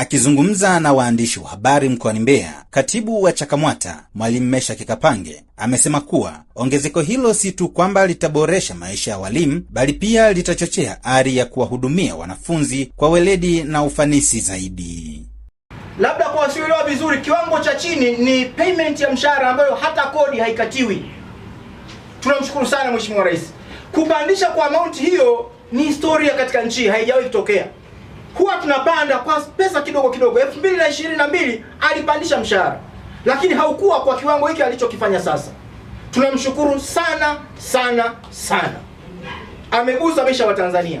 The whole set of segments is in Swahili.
Akizungumza na waandishi wa habari mkoani Mbeya, katibu wa CHAKAMWATA Mwalimu mesha kikapange amesema kuwa ongezeko hilo si tu kwamba litaboresha maisha ya walimu bali pia litachochea ari ya kuwahudumia wanafunzi kwa weledi na ufanisi zaidi. Labda kwa wasioelewa vizuri, kiwango cha chini ni payment ya mshahara ambayo hata kodi haikatiwi. Tunamshukuru sana Mheshimiwa Rais, kupandisha kwa amaunti hiyo ni historia katika nchi, haijawahi kutokea huwa tunapanda kwa pesa kidogo kidogo. elfu mbili na ishirini na mbili alipandisha mshahara, lakini haukuwa kwa kiwango hiki alichokifanya sasa. Tunamshukuru sana sana sana, amegusa maisha Tanzania.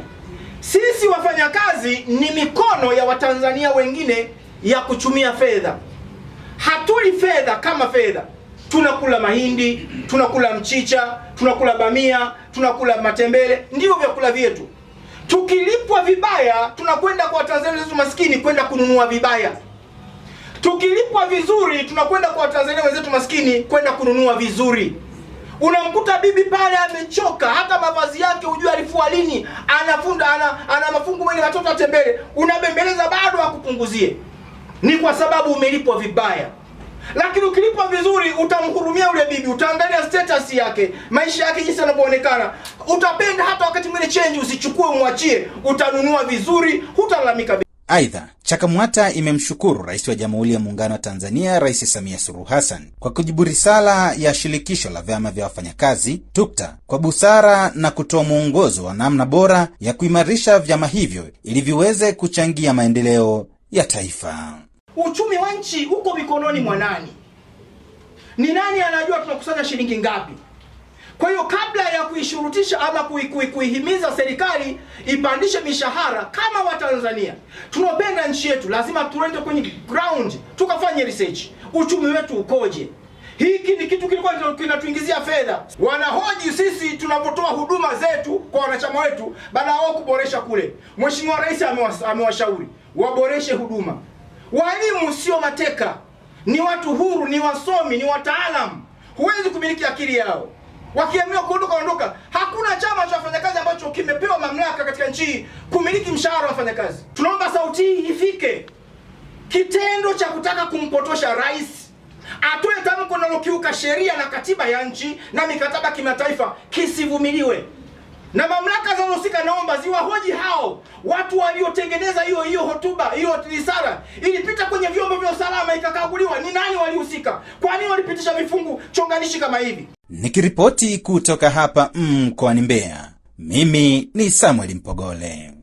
Sisi wafanyakazi ni mikono ya Watanzania wengine ya kuchumia fedha. Hatuli fedha kama fedha, tunakula mahindi, tunakula mchicha, tunakula bamia, tunakula matembele, ndivyo vyakula vyetu. Tukilipwa vibaya, tunakwenda kwa Watanzania wenzetu maskini kwenda kununua vibaya. Tukilipwa vizuri, tunakwenda kwa Watanzania wenzetu maskini kwenda kununua vizuri. Unamkuta bibi pale amechoka, hata mavazi yake hujua alifua lini, anafunda ana, ana mafungu mwenye watoto atembele, unabembeleza bado akupunguzie. Ni kwa sababu umelipwa vibaya. Lakini ukilipwa vizuri utamhurumia yule bibi, utaangalia status yake, maisha yake jinsi yanavyoonekana, utapenda hata wakati mwingine change usichukue, umwachie, utanunua vizuri, hutalalamika. Aidha, CHAKAMWATA imemshukuru Rais wa Jamhuri ya Muungano wa Tanzania, Rais Samia Suluhu Hassan kwa kujibu risala ya Shirikisho la Vyama vya Wafanyakazi tukta kwa busara na kutoa mwongozo wa namna bora ya kuimarisha vyama hivyo ili viweze kuchangia maendeleo ya taifa. Uchumi wa nchi uko mikononi mwa nani? Ni nani anajua tunakusanya shilingi ngapi? Kwa hiyo kabla ya kuishurutisha ama kuihimiza serikali ipandishe mishahara, kama Watanzania tunapenda nchi yetu, lazima tuende kwenye ground tukafanye research, uchumi wetu ukoje? Hiki ni kitu kilikuwa kinatuingizia fedha. Wanahoji sisi tunapotoa huduma zetu kwa wanachama wetu, baada ya kuboresha kule. Mheshimiwa Rais amewashauri waboreshe huduma. Walimu sio mateka, ni watu huru, ni wasomi, ni wataalamu. Huwezi kumiliki akili yao. Wakiamua kuondoka, ondoka. Hakuna chama cha wafanyakazi ambacho kimepewa mamlaka katika nchi hii kumiliki mshahara wa wafanyakazi. Tunaomba sauti hii ifike. Kitendo cha kutaka kumpotosha rais atoe tamko linalokiuka sheria na katiba ya nchi na mikataba kimataifa kisivumiliwe, na mamlaka zinazohusika naomba ziwahoji hao. Watu waliotengeneza hiyo hiyo hotuba hiyo risala ilipita kwenye vyombo vya usalama ikakaguliwa. Ni nani walihusika? Kwa nini walipitisha vifungu chonganishi kama hivi? Nikiripoti kutoka hapa mkoani mm, Mbeya, mimi ni Samuel Mpogole.